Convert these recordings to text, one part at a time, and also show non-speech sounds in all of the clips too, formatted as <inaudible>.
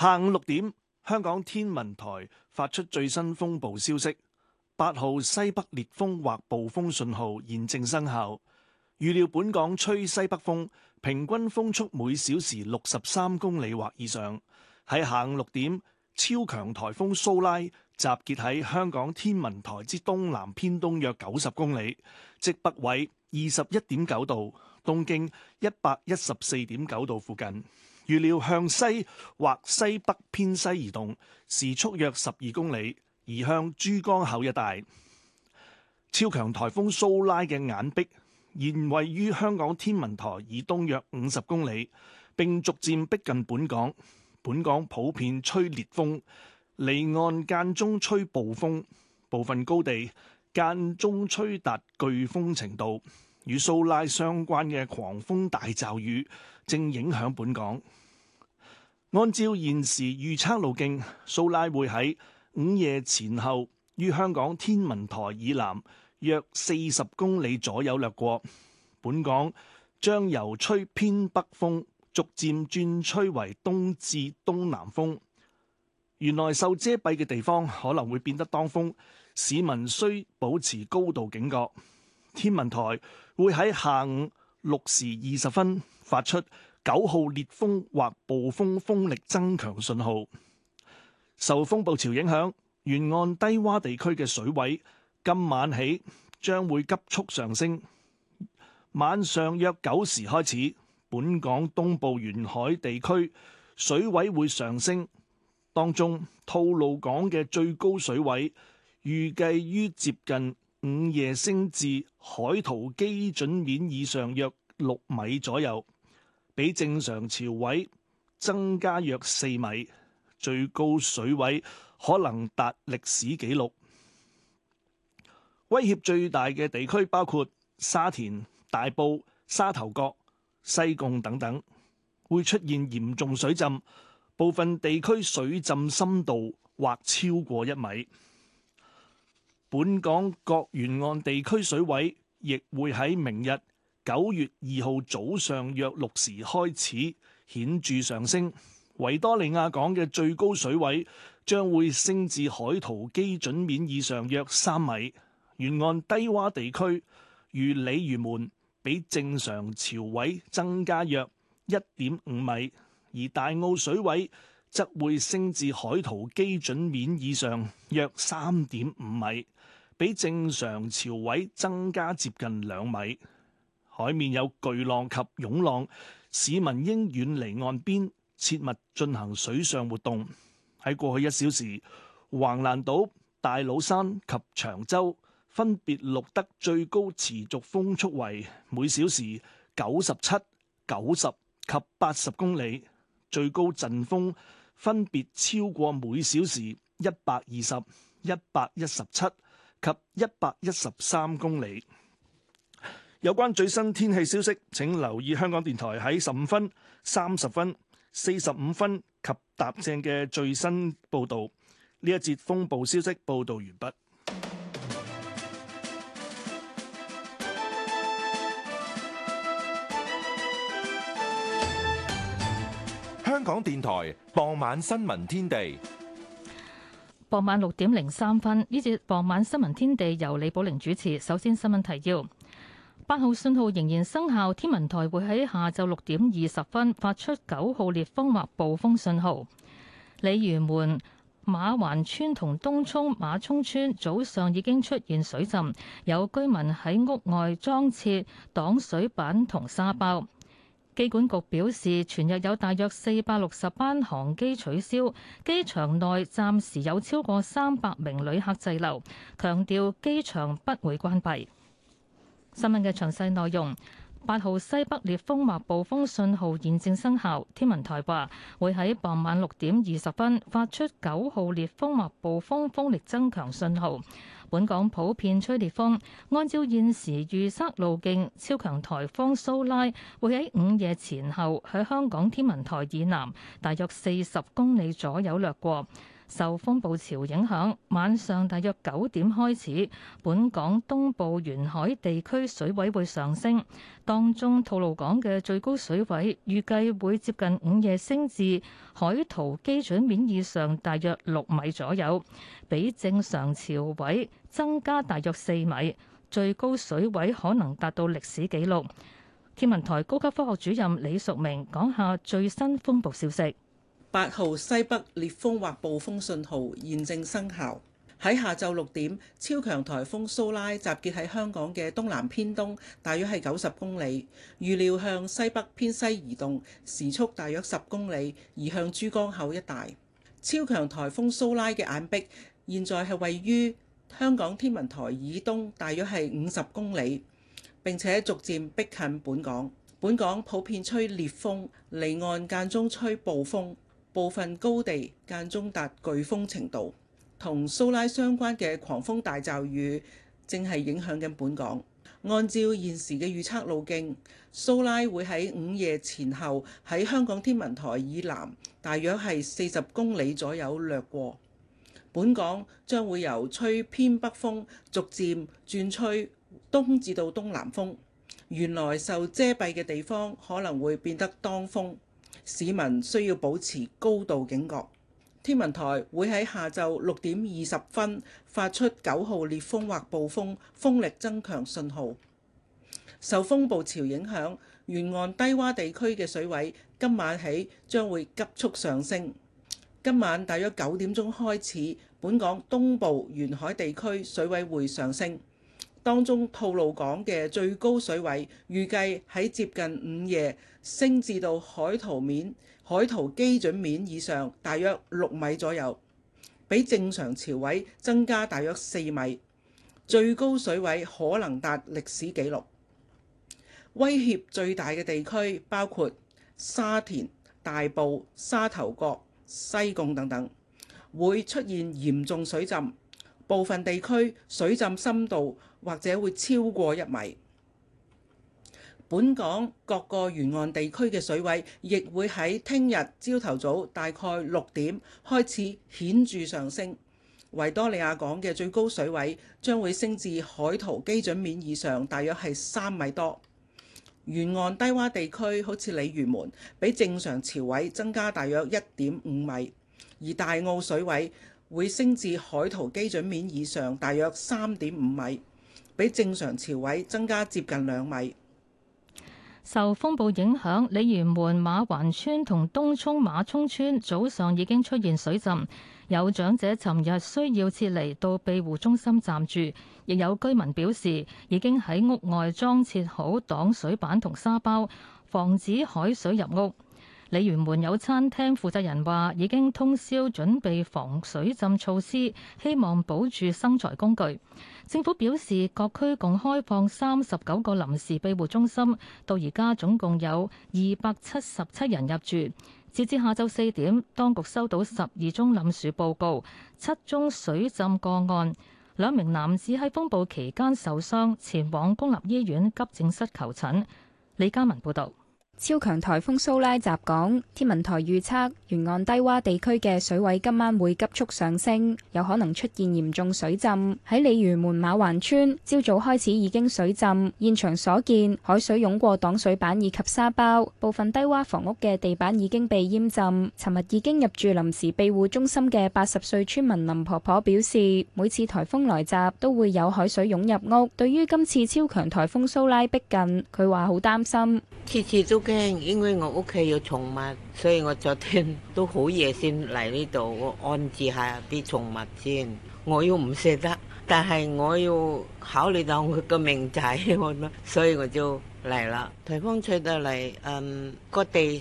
下午六點，香港天文台發出最新風暴消息，八號西北烈風或暴風信號現正生效。預料本港吹西北風，平均風速每小時六十三公里或以上。喺下午六點，超強颱風蘇拉集結喺香港天文台之東南偏東約九十公里，即北緯二十一點九度，東經一百一十四點九度附近。預料向西或西北偏西移動，時速約十二公里，移向珠江口一帶。超強台風蘇拉嘅眼壁現位於香港天文台以東約五十公里，並逐漸逼近本港。本港普遍吹烈風，離岸間中吹暴風，部分高地間中吹達颶風程度。與蘇拉相關嘅狂風大驟雨正影響本港。按照現時預測路徑，蘇拉會喺午夜前後於香港天文台以南約四十公里左右掠過，本港將由吹偏北風，逐漸轉吹為東至東南風。原來受遮蔽嘅地方可能會變得當風，市民需保持高度警覺。天文台會喺下午六時二十分發出九號烈風或暴風風力增強信號。受風暴潮影響，沿岸低洼地區嘅水位今晚起將會急速上升。晚上約九時開始，本港東部沿海地區水位會上升，當中吐露港嘅最高水位預計於接近。午夜升至海圖基準面以上約六米左右，比正常潮位增加約四米，最高水位可能達歷史紀錄。威脅最大嘅地區包括沙田、大埔、沙頭角、西貢等等，會出現嚴重水浸，部分地區水浸深度或超過一米。本港各沿岸地區水位亦會喺明日九月二號早上約六時開始顯著上升，維多利亞港嘅最高水位將會升至海圖基準面以上約三米，沿岸低窪地區如鯉魚門比正常潮位增加約一點五米，而大澳水位則會升至海圖基準面以上約三點五米，比正常潮位增加接近兩米。海面有巨浪及湧浪，市民應遠離岸邊，切勿進行水上活動。喺過去一小時，橫瀾島、大老山及長洲分別錄得最高持續風速為每小時九十七、九十及八十公里，最高陣風。分別超過每小時一百二十、一百一十七及一百一十三公里。有關最新天氣消息，請留意香港電台喺十五分、三十分、四十五分及搭正嘅最新報導。呢一節風暴消息報導完畢。香港電台傍晚新聞天地。傍晚六點零三分，呢節傍晚新聞天地由李寶玲主持。首先新聞提要：八號信號仍然生效，天文台會喺下晝六點二十分發出九號烈風或暴風信號。鯉魚門馬環村同東涌馬涌村早上已經出現水浸，有居民喺屋外裝設擋水板同沙包。機管局表示，全日有大約四百六十班航機取消，機場內暫時有超過三百名旅客滯留，強調機場不會關閉。新聞嘅詳細內容，八號西北烈風或暴風信號現正生效，天文台話會喺傍晚六點二十分發出九號烈風或暴風風力增強信號。本港普遍吹烈風，按照現時預測路徑，超強颱風蘇拉會喺午夜前後喺香港天文台以南大約四十公里左右掠過。受風暴潮影響，晚上大約九點開始，本港東部沿海地區水位會上升。當中吐露港嘅最高水位預計會接近午夜升至海圖基準面以上大約六米左右，比正常潮位增加大約四米。最高水位可能達到歷史紀錄。天文台高級科學主任李淑明講下最新風暴消息。八號西北烈風或暴風信號現正生效。喺下晝六點，超強颱風蘇拉集結喺香港嘅東南偏東，大約係九十公里，預料向西北偏西移動，時速大約十公里，移向珠江口一帶。超強颱風蘇拉嘅眼壁現在係位於香港天文台以東，大約係五十公里，並且逐漸逼近，近本港。本港普遍吹烈風，離岸間中吹暴風。部分高地間中達颶風程度，同蘇拉相關嘅狂風大驟雨正係影響緊本港。按照現時嘅預測路徑，蘇拉會喺午夜前後喺香港天文台以南，大約係四十公里左右掠過。本港將會由吹偏北風，逐漸轉吹東至到東南風。原來受遮蔽嘅地方可能會變得當風。市民需要保持高度警覺。天文台會喺下晝六點二十分發出九號烈風或暴風風力增強信號。受風暴潮影響，沿岸低洼地區嘅水位今晚起將會急速上升。今晚大約九點鐘開始，本港東部沿海地區水位會上升。當中吐露港嘅最高水位預計喺接近午夜升至到海圖面、海圖基準面以上，大約六米左右，比正常潮位增加大約四米。最高水位可能達歷史紀錄，威脅最大嘅地區包括沙田、大埔、沙頭角、西貢等等，會出現嚴重水浸，部分地區水浸深度或者會超過一米。本港各個沿岸地區嘅水位，亦會喺聽日朝頭早大概六點開始顯著上升。維多利亞港嘅最高水位將會升至海圖基準面以上，大約係三米多。沿岸低洼地區好似鯉魚門，比正常潮位增加大約一點五米，而大澳水位會升至海圖基準面以上，大約三點五米。比正常潮位增加接近兩米。受風暴影響，鯉魚門馬環村同東涌馬涌村早上已經出現水浸，有長者尋日需要撤離到庇護中心暫住，亦有居民表示已經喺屋外裝設好擋水板同沙包，防止海水入屋。鯉魚門有餐廳負責人話，已經通宵準備防水浸措施，希望保住生財工具。政府表示，各區共開放三十九個臨時庇護中心，到而家總共有二百七十七人入住。截至下晝四點，當局收到十二宗冧樹報告，七宗水浸個案，兩名男子喺風暴期間受傷，前往公立醫院急症室求診。李嘉文報導。超強颱風蘇拉襲港，天文台預測沿岸低洼地區嘅水位今晚會急速上升，有可能出現嚴重水浸。喺鯉魚門馬環村，朝早開始已經水浸，現場所見海水湧過擋水板以及沙包，部分低洼房屋嘅地板已經被淹浸。尋日已經入住臨時庇護中心嘅八十歲村民林婆婆表示，每次颱風來襲都會有海水湧入屋，對於今次超強颱風蘇拉逼近，佢話好擔心，次次都。因為我屋企有寵物，所以我昨天都好夜先嚟呢度安置下啲寵物先。我又唔捨得，但係我要考慮到我個命仔，我 <laughs> 所以我就嚟啦。台風吹到嚟，嗯，個地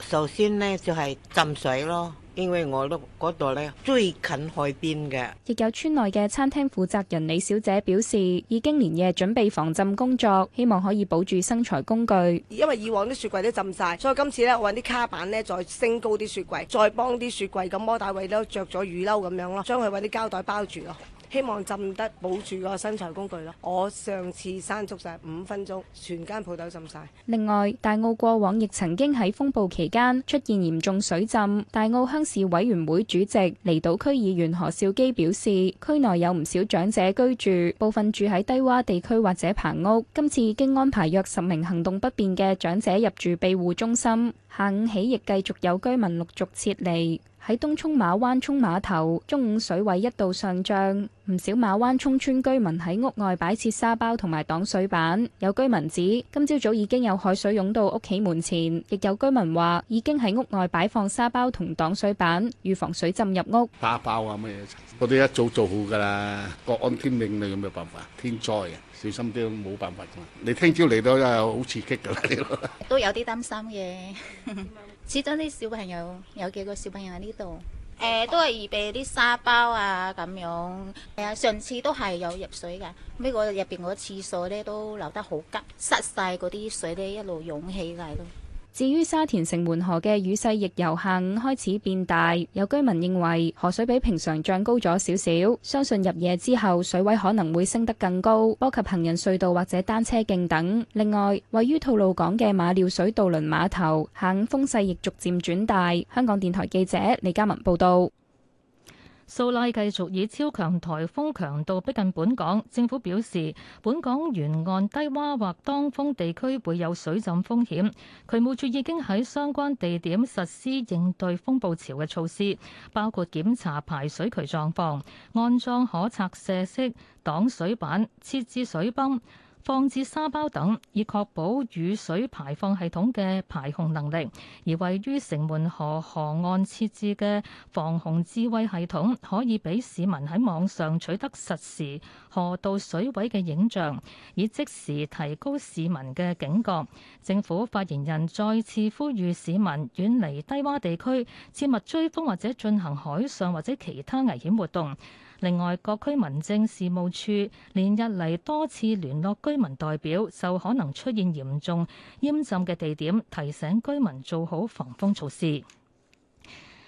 首先呢就係浸水咯。因為我度咧最近海邊嘅，亦有村內嘅餐廳負責人李小姐表示，已經連夜準備防浸工作，希望可以保住生財工具。因為以往啲雪櫃都浸晒，所以今次咧我揾啲卡板咧再升高啲雪櫃，再幫啲雪櫃咁摩打位都着咗雨褸咁樣咯，將佢揾啲膠袋包住咯。希望浸得保住個身材工具咯。我上次山竹晒五分鐘，全間鋪頭浸晒。另外，大澳過往亦曾經喺風暴期間出現嚴重水浸。大澳鄉事委員會主席離島區議員何紹基表示，區內有唔少長者居住，部分住喺低窪地區或者棚屋。今次已經安排約十名行動不便嘅長者入住庇護中心。下午起亦繼續有居民陸續撤離。喺東涌馬灣涌碼頭，中午水位一度上漲，唔少馬灣涌村居民喺屋外擺設沙包同埋擋水板。有居民指今朝早已經有海水湧到屋企門前，亦有居民話已經喺屋外擺放沙包同擋水板，預防水浸入屋。沙包啊，咩？我哋一早做好噶啦，各安天命。你有咩辦法？天災啊，小心啲，冇辦法噶。你聽朝嚟到又好刺激噶啦，都有啲擔心嘅。 <laughs> 始終啲小朋友有幾個小朋友喺呢度，誒、嗯，都係預備啲沙包啊咁樣。係、嗯、啊，上次都係有入水嘅，呢個入邊個廁所咧都流得好急，塞晒嗰啲水咧一路湧起嚟咯。至於沙田城門河嘅雨勢，亦由下午開始變大。有居民認為河水比平常漲高咗少少，相信入夜之後水位可能會升得更高，波及行人隧道或者單車徑等。另外，位於吐露港嘅馬料水渡輪碼頭，下午風勢亦逐漸轉大。香港電台記者李嘉文報道。蘇拉繼續以超強颱風強度逼近本港，政府表示本港沿岸低洼或當風地區會有水浸風險。渠務署已經喺相關地點實施應對風暴潮嘅措施，包括檢查排水渠狀況、安裝可拆卸式擋水板、設置水泵。放置沙包等，以確保雨水排放系統嘅排洪能力。而位於城門河河岸設置嘅防洪智慧系統，可以俾市民喺網上取得實時河道水位嘅影像，以即時提高市民嘅警覺。政府發言人再次呼籲市民遠離低洼地區，切勿追風或者進行海上或者其他危險活動。另外，各區民政事務處連日嚟多次聯絡居民代表，就可能出現嚴重淹浸嘅地點，提醒居民做好防風措施。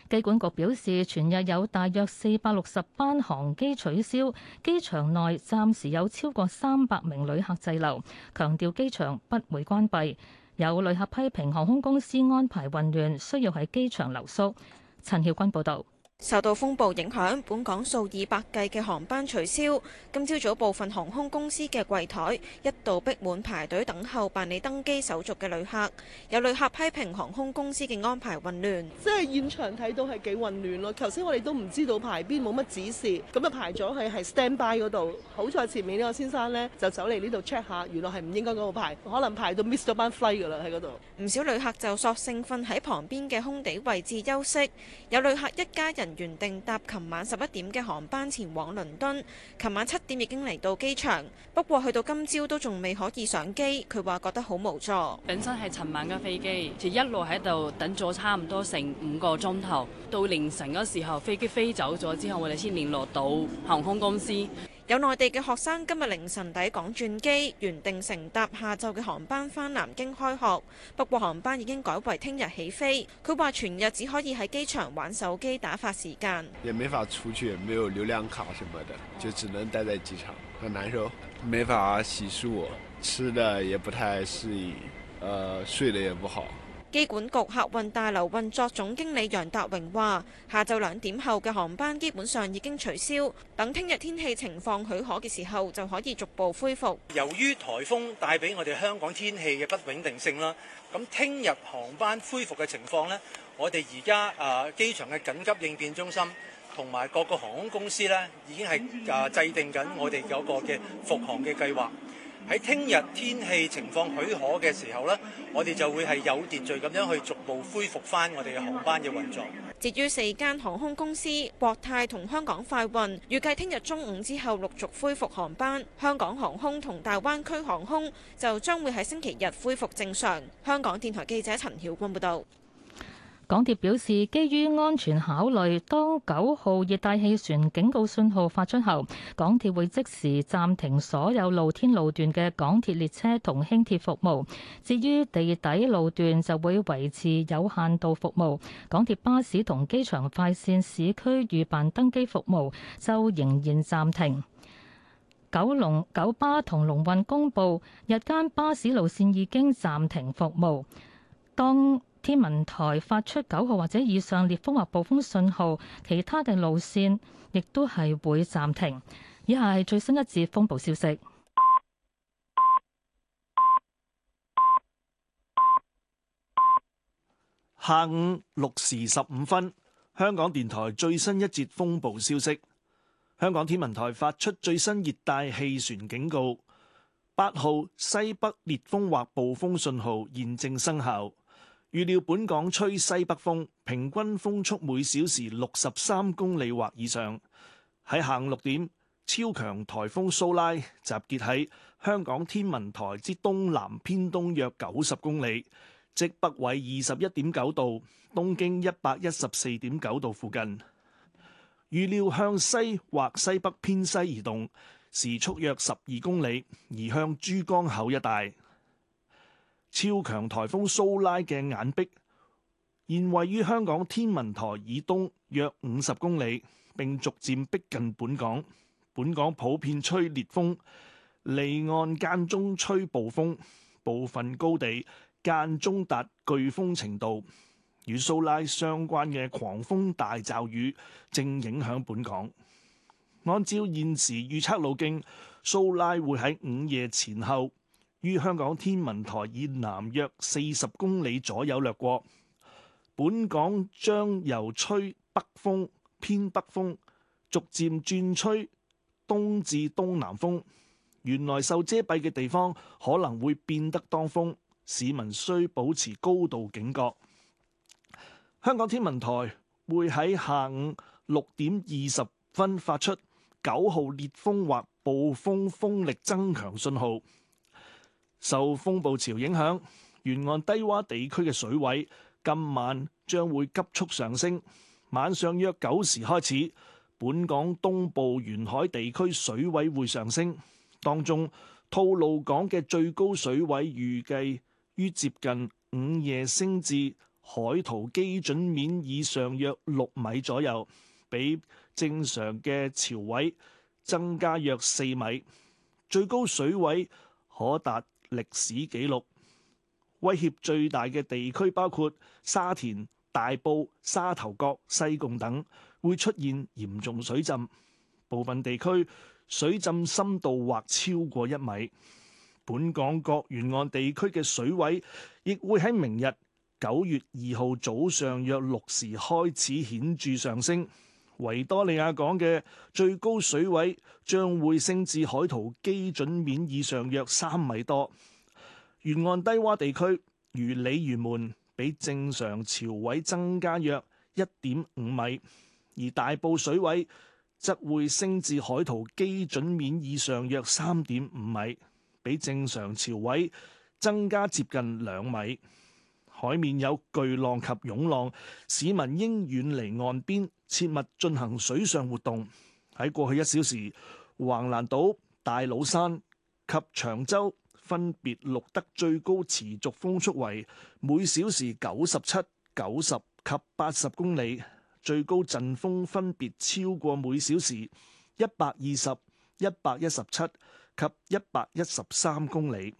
機管局表示，全日有大約四百六十班航機取消，機場內暫時有超過三百名旅客滯留，強調機場不會關閉。有旅客批評航空公司安排混亂，需要喺機場留宿。陳曉君報導。受到風暴影響，本港數以百計嘅航班取消。今朝早部分航空公司嘅櫃台一度逼滿排隊等候辦理登機手續嘅旅客，有旅客批評航空公司嘅安排混亂，即係現場睇到係幾混亂咯。頭先我哋都唔知道排邊，冇乜指示，咁啊排咗去係 stand by 嗰度，好在前面呢個先生呢就走嚟呢度 check 下，原來係唔應該嗰個排，可能排到 miss 咗班 Fly 噶啦喺嗰度。唔少旅客就索性瞓喺旁邊嘅空地位置休息，有旅客一家人。原定搭琴晚十一點嘅航班前往倫敦，琴晚七點已經嚟到機場，不過去到今朝都仲未可以上機，佢話覺得好無助。本身係尋晚嘅飛機，就一路喺度等咗差唔多成五個鐘頭，到凌晨嗰時候飛機飛走咗之後，我哋先聯絡到航空公司。有內地嘅學生今日凌晨抵港轉機，原定乘搭下晝嘅航班返南京開學，不過航班已經改為聽日起飛。佢話全日只可以喺機場玩手機打發時間。也沒法出去，也沒有流量卡什麼的，就只能待在機場，很難受。沒法洗漱，吃的也不太適應，呃，睡得也不好。機管局客運大樓運作總經理楊達榮話，下晝兩點後嘅航班基本上已經取消，等聽日天氣情況許可嘅時候就可以逐步恢復。由於台風帶俾我哋香港天氣嘅不穩定性啦，咁聽日航班恢復嘅情況呢？我哋而家啊機場嘅緊急應變中心同埋各個航空公司呢，已經係啊制定緊我哋有個嘅復航嘅計劃。喺聽日天氣情況許可嘅時候呢，我哋就會係有秩序咁樣去逐步恢復翻我哋嘅航班嘅運作。至於四間航空公司國泰同香港快運，預計聽日中午之後陸續恢復航班。香港航空同大灣區航空就將會喺星期日恢復正常。香港電台記者陳曉君報道。港鐵表示，基於安全考慮，當九號熱帶氣旋警告信號發出後，港鐵會即時暫停所有露天路段嘅港鐵列車同輕鐵服務。至於地底路段就會維持有限度服務。港鐵巴士同機場快線市區預辦登機服務就仍然暫停。九龍九巴同龍運公佈，日間巴士路線已經暫停服務。當天文台發出九號或者以上烈風或暴風信號，其他嘅路線亦都係會暫停。以下係最新一節風暴消息。下午六時十五分，香港電台最新一節風暴消息。香港天文台發出最新熱帶氣旋警告，八號西北烈風或暴風信號現正生效。預料本港吹西北風，平均風速每小時六十三公里或以上。喺下午六點，超強颱風蘇拉集結喺香港天文台之東南偏東約九十公里，即北緯二十一點九度、東經一百一十四點九度附近。預料向西或西北偏西移動，時速約十二公里，移向珠江口一帶。超強颱風蘇拉嘅眼壁現位於香港天文台以東約五十公里，並逐漸逼近本港。本港普遍吹烈風，離岸間中吹暴風，部分高地間中達颶風程度。與蘇拉相關嘅狂風大驟雨正影響本港。按照現時預測路徑，蘇拉會喺午夜前後，於香港天文台以南約四十公里左右掠過，本港將由吹北風、偏北風，逐漸轉吹東至東南風。原來受遮蔽嘅地方可能會變得當風，市民需保持高度警覺。香港天文台會喺下午六點二十分發出九號烈風或暴風風力增強信號。受風暴潮影響，沿岸低洼地區嘅水位今晚將會急速上升。晚上約九時開始，本港東部沿海地區水位會上升，當中吐露港嘅最高水位預計於接近午夜升至海圖基準面以上約六米左右，比正常嘅潮位增加約四米，最高水位可達。歷史紀錄，威脅最大嘅地區包括沙田、大埔、沙頭角、西貢等，會出現嚴重水浸，部分地區水浸深度或超過一米。本港各沿岸地區嘅水位，亦會喺明日九月二號早上約六時開始顯著上升。維多利亞港嘅最高水位將會升至海圖基準面以上約三米多，沿岸低窪地區如鯉魚門，比正常潮位增加約一點五米；而大埔水位則會升至海圖基準面以上約三點五米，比正常潮位增加接近兩米。海面有巨浪及湧浪，市民應遠離岸邊。切勿進行水上活動。喺過去一小時，橫瀾島、大老山及長洲分別錄得最高持續風速為每小時九十七、九十及八十公里，最高陣風分別超過每小時一百二十、一百一十七及一百一十三公里。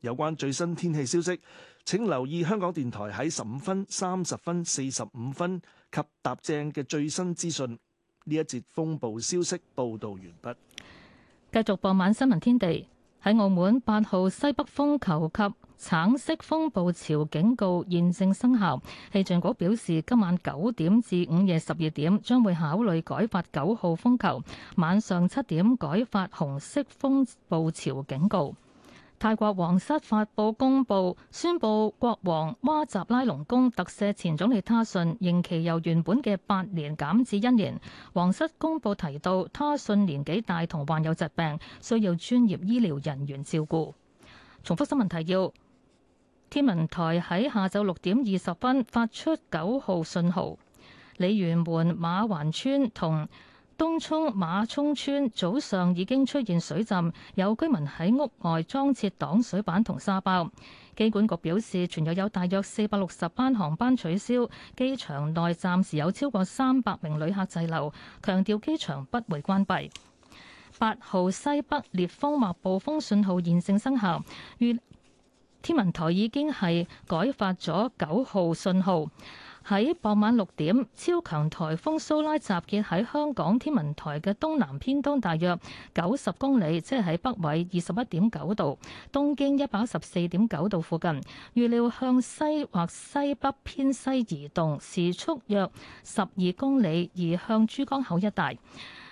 有關最新天氣消息，請留意香港電台喺十五分、三十分、四十五分及搭正嘅最新資訊。呢一節風暴消息報道完畢，繼續播傍晚新聞天地。喺澳門八號西北風球及橙色風暴潮警告現正生效。氣象局表示，今晚九點至午夜十二點，將會考慮改發九號風球，晚上七點改發紅色風暴潮警告。泰國皇室發布公布，宣布國王哇集拉隆功特赦前總理他信，刑期由原本嘅八年減至一年。皇室公布提到，他信年紀大同患有疾病，需要專業醫療人員照顧。重複新聞提要：天文台喺下晝六點二十分發出九號信號。鯉魚門、馬環村同。東涌馬涌村早上已經出現水浸，有居民喺屋外裝設擋水板同沙包。機管局表示，全日有，有大約四百六十班航班取消，機場內暫時有超過三百名旅客滯留，強調機場不會關閉。八號西北烈風或暴風信號現正生效，天文台已經係改發咗九號信號。喺傍晚六點，超強颱風蘇拉集結喺香港天文台嘅東南偏東，大約九十公里，即係喺北緯二十一點九度、東經一百一十四點九度附近。預料向西或西北偏西移動，時速約十二公里，而向珠江口一帶。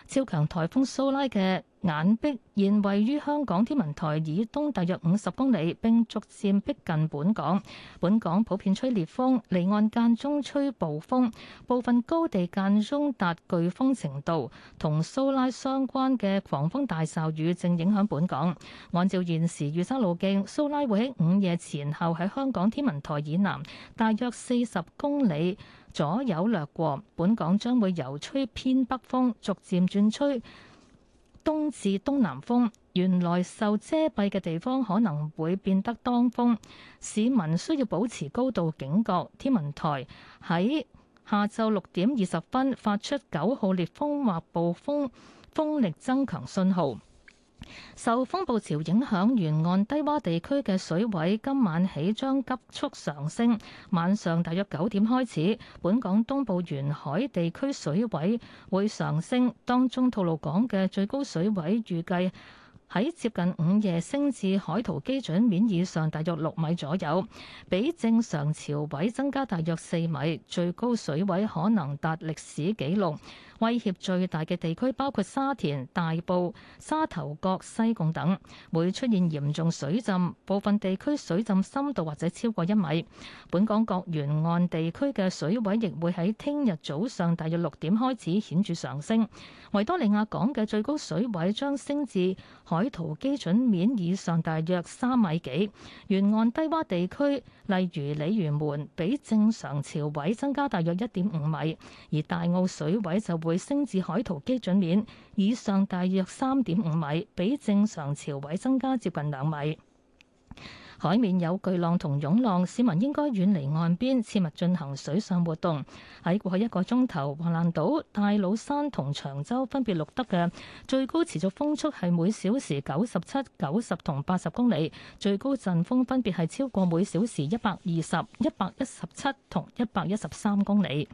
超強颱風蘇拉嘅眼壁現位於香港天文台以東大約五十公里，並逐漸逼近本港。本港普遍吹烈風，離岸間中吹暴風，部分高地間中達颶風程度。同蘇拉相關嘅狂風大驟雨正影響本港。按照現時預測路徑，蘇拉會喺午夜前後喺香港天文台以南大約四十公里左右掠過，本港將會由吹偏北風逐漸轉吹。東至東南風，原來受遮蔽嘅地方可能會變得當風，市民需要保持高度警覺。天文台喺下晝六點二十分發出九號烈風或暴風風力增強信號。受風暴潮影響，沿岸低洼地區嘅水位今晚起將急速上升。晚上大約九點開始，本港東部沿海地區水位會上升，當中吐露港嘅最高水位預計喺接近午夜升至海圖基準面以上大約六米左右，比正常潮位增加大約四米，最高水位可能達歷史紀錄。威脅最大嘅地區包括沙田、大埔、沙頭角、西貢等，會出現嚴重水浸，部分地區水浸深度或者超過一米。本港各沿岸地區嘅水位亦會喺聽日早上大約六點開始顯著上升。維多利亞港嘅最高水位將升至海圖基準面以上大約三米幾，沿岸低洼地區例如鯉魚門，比正常潮位增加大約一點五米，而大澳水位就會升至海圖基準面以上大約三點五米，比正常潮位增加接近兩米。海面有巨浪同湧浪，市民應該遠離岸邊，切勿進行水上活動。喺過去一個鐘頭，橫瀾島、大老山同長洲分別錄得嘅最高持續風速係每小時九十七、九十同八十公里，最高陣風分別係超過每小時一百二十、一百一十七同一百一十三公里。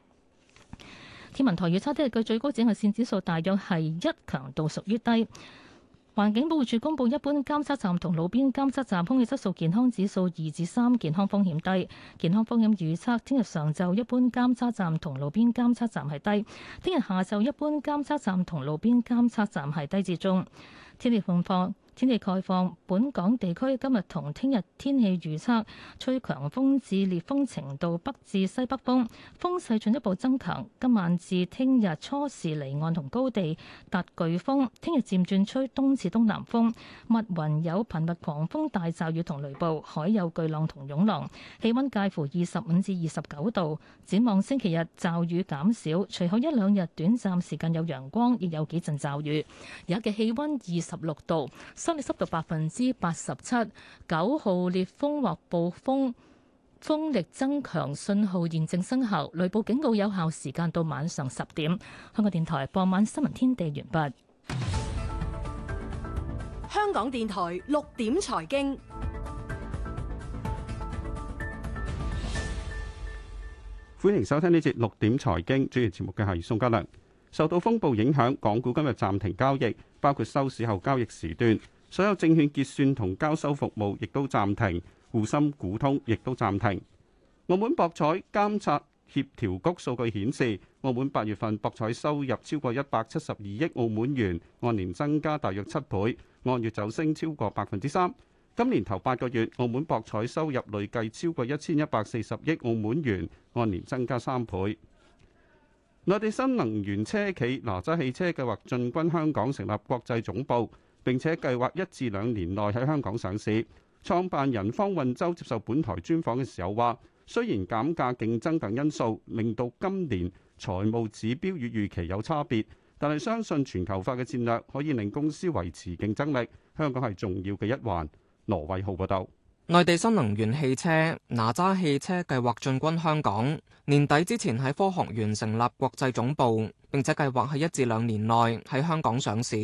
天文台預測聽日嘅最高紫外線指數大約係一，強度屬於低。環境保護署公布，一般監測站同路邊監測站空氣質素健康指數二至三，健康風險低。健康風險預測，聽日上晝一般監測站同路邊監測站係低，聽日下晝一般監測站同路邊監測站係低至中。天氣狀況。天氣概況：本港地區今日同聽日天氣預測吹強風至烈風程度，北至西北風，風勢進一步增強。今晚至聽日初時離岸同高地達颶風，聽日漸轉吹東至東南風，密雲有頻密狂風、大驟雨同雷暴，海有巨浪同湧浪。氣溫介乎二十五至二十九度。展望星期日驟雨減少，隨後一兩日短暫時間有陽光，亦有幾陣驟雨。日嘅氣溫二十六度。今日濕度百分之八十七，九號烈風或暴風風力增強信號現正生效，雷暴警告有效時間到晚上十點。香港電台傍晚新聞天地完畢。香港電台六點財經，歡迎收聽呢節六點財經。主持節目嘅係宋嘉良。受到風暴影響，港股今日暫停交易，包括收市後交易時段。所有證券結算同交收服務亦都暫停，滬深股通亦都暫停。澳門博彩監察協調局數據顯示，澳門八月份博彩收入超過一百七十二億澳門元，按年增加大約七倍，按月走升超過百分之三。今年頭八個月，澳門博彩收入累計超過一千一百四十億澳門元，按年增加三倍。內地新能源車企哪吒汽車計劃進軍香港，成立國際總部。並且計劃一至兩年內喺香港上市。創辦人方運舟接受本台專訪嘅時候話，雖然減價競爭等因素令到今年財務指標與預期有差別，但係相信全球化嘅戰略可以令公司維持競爭力。香港係重要嘅一環。羅偉浩報道。內地新能源汽車哪吒汽車計劃進軍香港，年底之前喺科學園成立國際總部，並且計劃喺一至兩年內喺香港上市。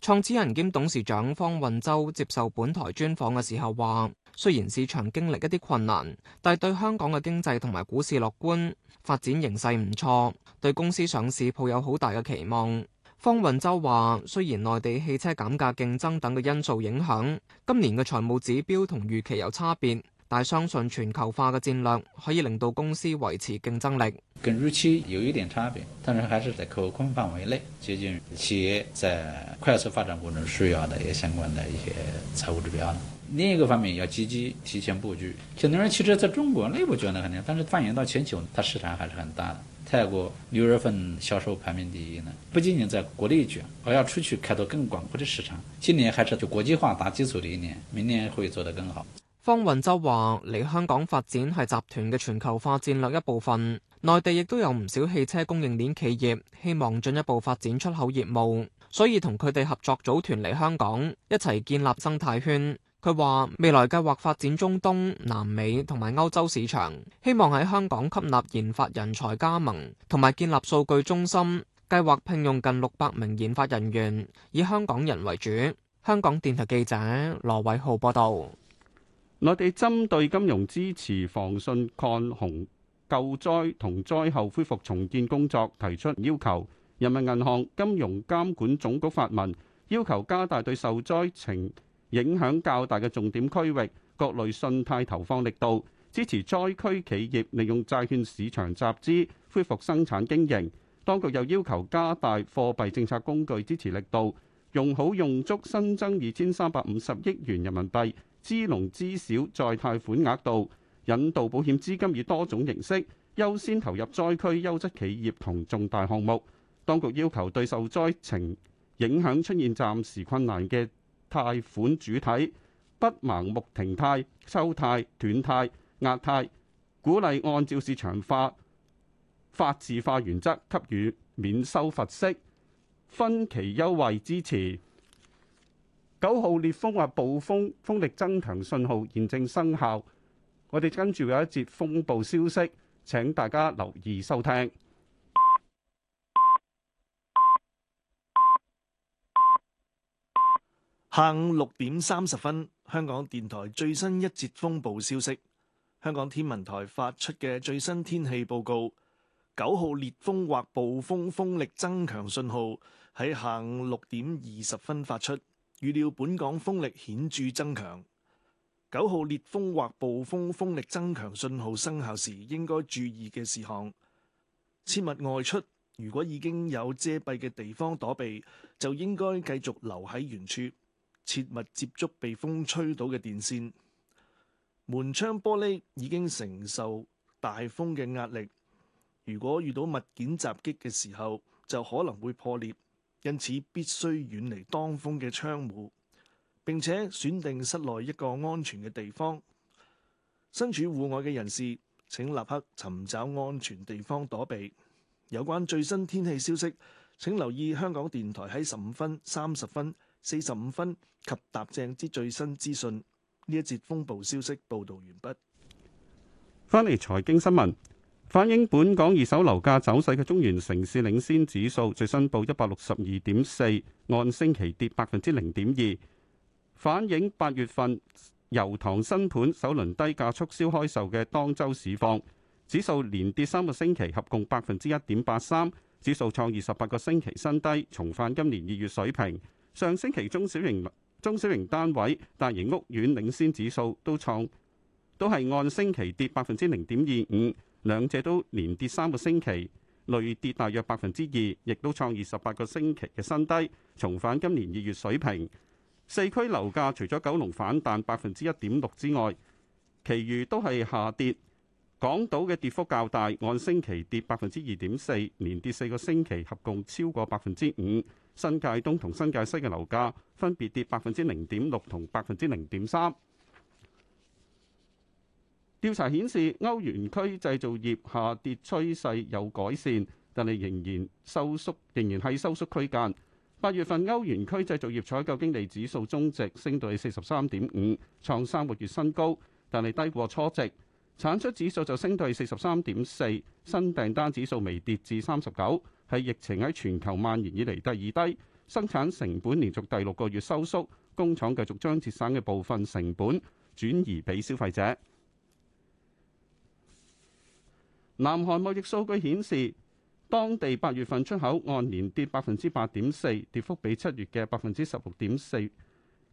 創始人兼董事長方運舟接受本台專訪嘅時候話，雖然市場經歷一啲困難，但係對香港嘅經濟同埋股市樂觀，發展形勢唔錯，對公司上市抱有好大嘅期望。方運舟話：雖然內地汽車減價競爭等嘅因素影響，今年嘅財務指標同預期有差別，但相信全球化嘅戰略可以令到公司維持競爭力。跟預期有一點差別，但是還是在可控範圍內，接近企業在快速發展過程需要嘅一相關嘅一些財務指標。另一個方面要積極提前布局。新能源汽車在中國內部捲得肯定，但是放眼到全球，它市場還是很大的。泰國六月份銷售排名第一呢，不僅僅在國內捲，還要出去開拓更廣闊的市場。今年還是就國際化打基礎的一年，明年會做得更好。方云洲話：嚟香港發展係集團嘅全球化戰略一部分。內地亦都有唔少汽車供應鏈企業希望進一步發展出口業務，所以同佢哋合作組團嚟香港，一齊建立生態圈。佢話：未來計劃發展中東、南美同埋歐洲市場，希望喺香港吸納研發人才加盟，同埋建立數據中心。計劃聘用近六百名研發人員，以香港人為主。香港電台記者羅偉浩報道。內地針對金融支持、防汛抗洪、救災同災後恢復重建工作提出要求。人民銀行、金融監管總局發文，要求加大對受災情影響較大嘅重點區域，各類信貸投放力度，支持災區企業利用債券市場集資恢復生產經營。當局又要求加大貨幣政策工具支持力度，用好用足新增二千三百五十億元人民幣支農支小再貸款額度，引導保險資金以多種形式優先投入災區優質企業同重大項目。當局要求對受災情影響出現暫時困難嘅。貸款主體不盲目停貸、收貸、斷貸、壓貸，鼓勵按照市場化、法治化原則給予免收罰息、分期優惠支持。九號烈風或暴風風力增強信號現正生效，我哋跟住有一節風暴消息，請大家留意收聽。下午六點三十分，香港電台最新一節風暴消息。香港天文台發出嘅最新天氣報告，九號烈風或暴風風力增強信號喺下午六點二十分發出，預料本港風力顯著增強。九號烈風或暴風風力增強信號生效時，應該注意嘅事項：切勿外出。如果已經有遮蔽嘅地方躲避，就應該繼續留喺原處。切勿接觸被風吹倒嘅電線，門窗玻璃已經承受大風嘅壓力。如果遇到物件襲擊嘅時候，就可能會破裂。因此必須遠離當風嘅窗戶，並且選定室內一個安全嘅地方。身處戶外嘅人士請立刻尋找安全地方躲避。有關最新天氣消息，請留意香港電台喺十五分、三十分、四十五分及答正之最新資訊。呢一節風暴消息報道完畢。翻嚟財經新聞，反映本港二手樓價走勢嘅中原城市領先指數最新報一百六十二點四，按星期跌百分之零點二。反映八月份油塘新盤首輪低價促銷開售嘅當周市況指數連跌三個星期，合共百分之一點八三，指數創二十八個星期新低，重返今年二月水平。上星期中小型中小型單位、大型屋苑領先指數都創都係按星期跌百分之零點二五，兩者都連跌三個星期，累跌大約百分之二，亦都創二十八個星期嘅新低，重返今年二月水平。四區樓價除咗九龍反彈百分之一點六之外，其餘都係下跌。港島嘅跌幅較大，按星期跌百分之二點四，連跌四個星期，合共超過百分之五。新界東同新界西嘅樓價分別跌百分之零點六同百分之零點三。調查顯示，歐元區製造業下跌趨勢有改善，但係仍然收縮，仍然係收縮區間。八月份歐元區製造業採購經理指數終值升到係四十三點五，創三個月新高，但係低過初值。產出指數就升到四十三點四，新訂單指數微跌至三十九，係疫情喺全球蔓延以嚟第二低。生產成本連續第六個月收縮，工廠繼續將節省嘅部分成本轉移俾消費者。南韓貿易數據顯示，當地八月份出口按年跌百分之八點四，跌幅比七月嘅百分之十六點四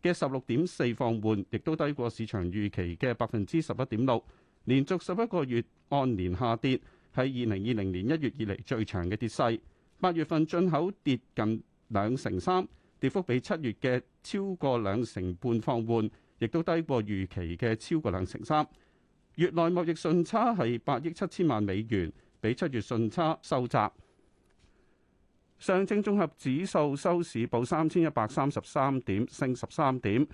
嘅十六點四放緩，亦都低過市場預期嘅百分之十一點六。連續十一個月按年下跌，係二零二零年一月以嚟最長嘅跌勢。八月份進口跌近兩成三，跌幅比七月嘅超過兩成半放緩，亦都低過預期嘅超過兩成三。月內貿易順差係八億七千萬美元，比七月順差收窄。上證綜合指數收市報三千一百三十三點，升十三點。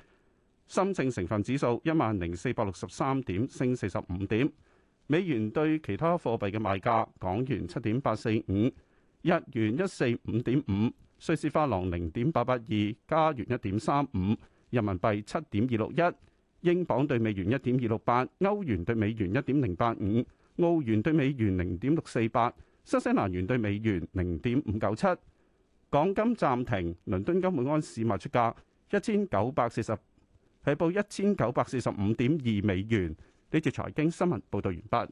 深證成分指數一萬零四百六十三點，升四十五點。美元對其他貨幣嘅賣價：港元七點八四五，日元一四五點五，瑞士法郎零點八八二，加元一點三五，人民幣七點二六一，英鎊對美元一點二六八，歐元對美元一點零八五，澳元對美元零點六四八，新西蘭元對美元零點五九七。港金暫停，倫敦金每安士賣出價一千九百四十。係報一千九百四十五點二美元。呢次財經新聞報道完畢。